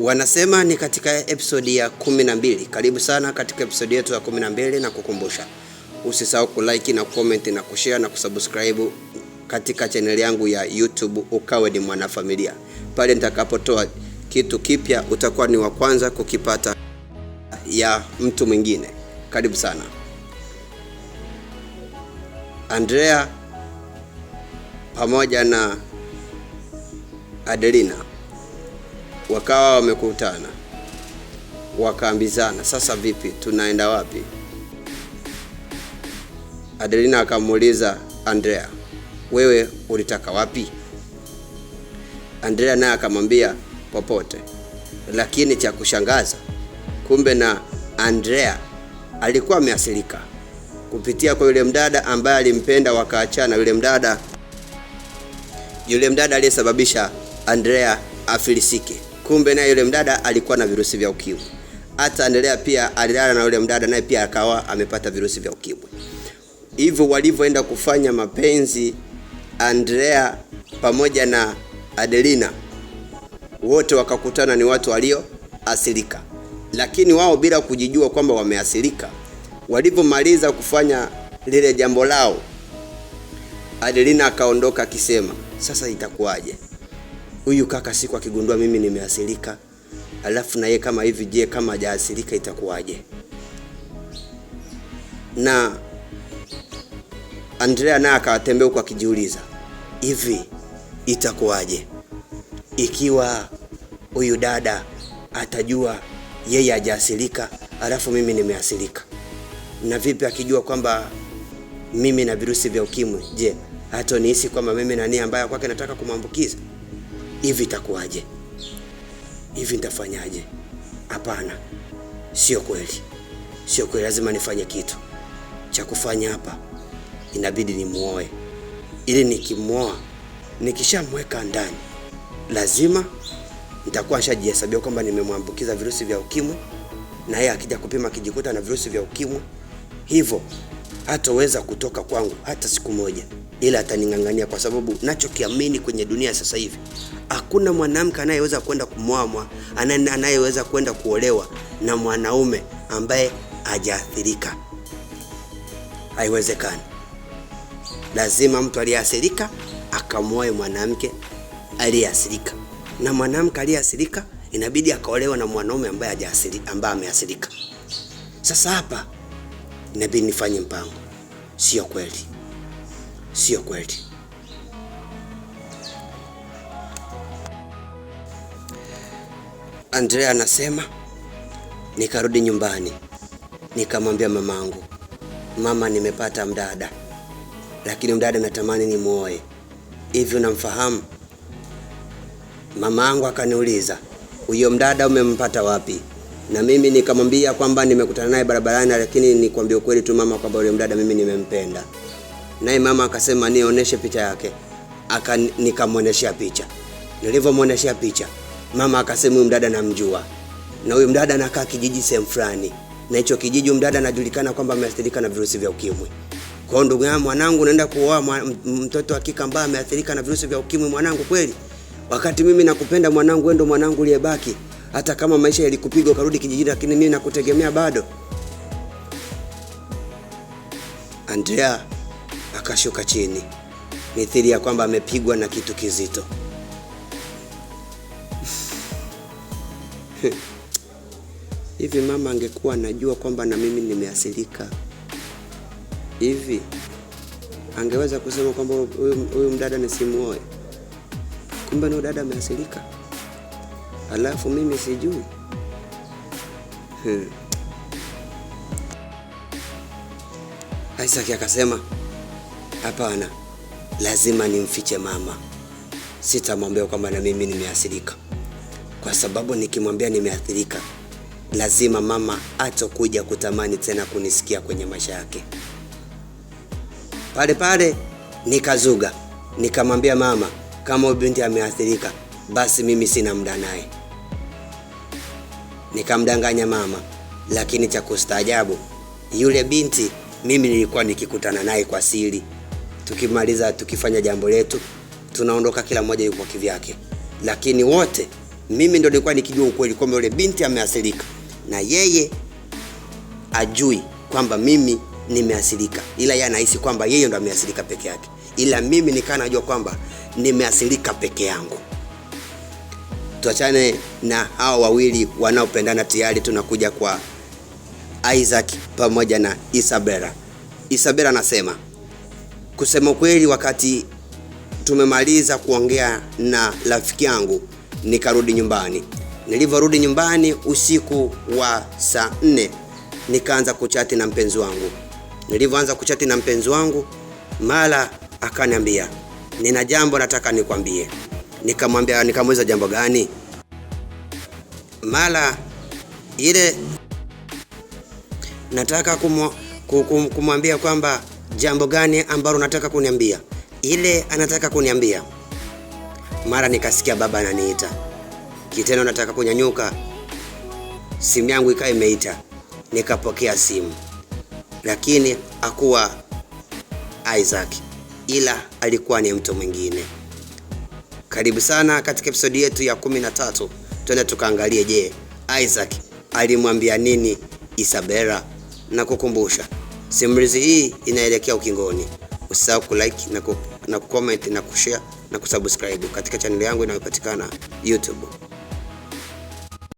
wanasema ni katika episodi ya kumi na mbili. Karibu sana katika episodi yetu ya kumi na mbili na kukumbusha usisahau kulike na comment na kushare na kusubscribe katika chaneli yangu ya YouTube ukawe ni mwanafamilia. Pale nitakapotoa kitu kipya utakuwa ni wa kwanza kukipata ya mtu mwingine. Karibu sana. Andrea pamoja na Adelina wakawa wamekutana, wakaambizana, sasa vipi, tunaenda wapi? Adelina akamuuliza Andrea, wewe ulitaka wapi? Andrea naye akamwambia popote. Lakini cha kushangaza, kumbe na Andrea alikuwa ameasilika kupitia kwa yule mdada ambaye alimpenda wakaachana, yule mdada yule mdada aliyesababisha Andrea afilisike kumbe naye yule mdada alikuwa na virusi vya ukimwi. Hata endelea pia alilala na yule mdada naye pia akawa amepata virusi vya ukimwi. Hivyo walivyoenda kufanya mapenzi Andrea pamoja na Adelina wote wakakutana ni watu walioasilika, lakini wao bila kujijua kwamba wameasilika. Walivyomaliza kufanya lile jambo lao, Adelina akaondoka akisema, sasa itakuwaje? huyu kaka siku akigundua mimi nimeasilika, alafu na yeye kama hivi, je, kama hajaasilika itakuwaje? Na Andrea naye akatembea huko akijiuliza, hivi itakuwaje ikiwa huyu dada atajua yeye hajaasilika alafu mimi nimeasilika? Na vipi akijua kwamba mimi na virusi vya ukimwi, je, hatonihisi kwamba mimi na nia kwake nataka kumwambukiza? hivi itakuwaje? Hivi nitafanyaje? Hapana, sio kweli, sio kweli. Lazima nifanye kitu cha kufanya. Hapa inabidi nimuoe, ili nikimwoa, nikishamweka ndani, lazima nitakuwa nishajihesabia kwamba nimemwambukiza virusi vya ukimwi, na yeye akija kupima akijikuta na virusi vya ukimwi, hivyo hatoweza kutoka kwangu hata siku moja ila ataning'ang'ania kwa sababu nachokiamini kwenye dunia sasa hivi, hakuna mwanamke anayeweza kwenda kumwamwa, anayeweza kwenda kuolewa na mwanaume ambaye hajaathirika. Haiwezekani. Lazima mtu aliyeathirika akamwoe mwanamke aliyeathirika, na mwanamke aliyeathirika inabidi akaolewa na mwanaume ambaye hajaathirika, ambaye ameathirika. Sasa hapa inabidi nifanye mpango, sio kweli sio kweli. Andrea anasema nikarudi nyumbani nikamwambia mamangu, mama, nimepata mdada, lakini mdada natamani nimwoe, hivyo namfahamu Mamangu akaniuliza huyo mdada umempata wapi? Na mimi nikamwambia kwamba nimekutana naye barabarani, lakini nikwambia ukweli tu mama, kwamba yule mdada mimi nimempenda naye mama akasema nionyeshe picha yake, aka nikamwonyeshea picha. Nilivyomwonyeshea picha, mama akasema huyu mdada namjua, na huyu mdada anakaa kijiji sehemu fulani, na hicho kijiji huyu mdada anajulikana kwamba ameathirika na virusi vya ukimwi. Kwa hiyo ndugu yangu, mwanangu, naenda kuoa mtoto wa kike ambaye ameathirika na virusi vya ukimwi. Mwanangu kweli, wakati mimi nakupenda mwanangu, wewe ndo mwanangu uliyebaki hata kama maisha yalikupiga ukarudi kijijini, lakini mimi nakutegemea bado, Andrea akashuka chini, mithili ya kwamba amepigwa na kitu kizito. Hivi mama angekuwa anajua kwamba na mimi nimeasilika hivi, angeweza kusema kwamba huyu mdada nisimuoe? Kumbe ni dada ameasilika, alafu mimi sijui. Isaac akasema Hapana, lazima nimfiche mama. Sitamwambia kwamba na mimi nimeathirika, kwa sababu nikimwambia nimeathirika, lazima mama atokuja kutamani tena kunisikia kwenye maisha yake. Pale pale nikazuga, nikamwambia mama, kama binti ameathirika, basi mimi sina muda naye. Nikamdanganya mama, lakini cha kustaajabu, yule binti mimi nilikuwa nikikutana naye kwa siri tukimaliza tukifanya jambo letu tunaondoka, kila mmoja yuko kivyake, lakini wote, mimi ndo nilikuwa nikijua ukweli kwamba yule binti ameasilika na yeye ajui kwamba mimi nimeasilika, ila yeye anahisi kwamba yeye ndo ameasilika peke yake, ila mimi nikaa najua kwamba nimeasilika peke yangu. Tuachane na hawa wawili wanaopendana tayari, tunakuja kwa Isaac pamoja na Isabella. Isabella anasema Kusema kweli, wakati tumemaliza kuongea na rafiki yangu nikarudi nyumbani. Nilivyorudi nyumbani usiku wa saa nne nikaanza kuchati na mpenzi wangu. Nilivyoanza kuchati na mpenzi wangu, mara akaniambia nina jambo nataka nikwambie. Nikamwambia, nikamuuliza jambo gani? Mara ile nataka kumwambia kwamba jambo gani ambalo unataka kuniambia? Ile anataka kuniambia. Mara nikasikia baba ananiita, kitendo nataka kunyanyuka, simu yangu ikawa imeita, nikapokea simu, lakini akuwa Isaac, ila alikuwa ni mtu mwingine. Karibu sana katika episodi yetu ya kumi na tatu. Twende tukaangalie, je, Isaac alimwambia nini Isabela na kukumbusha Simulizi hii inaelekea ukingoni. Usisahau kulike na comment na kushare na kusubscribe katika chaneli yangu inayopatikana YouTube.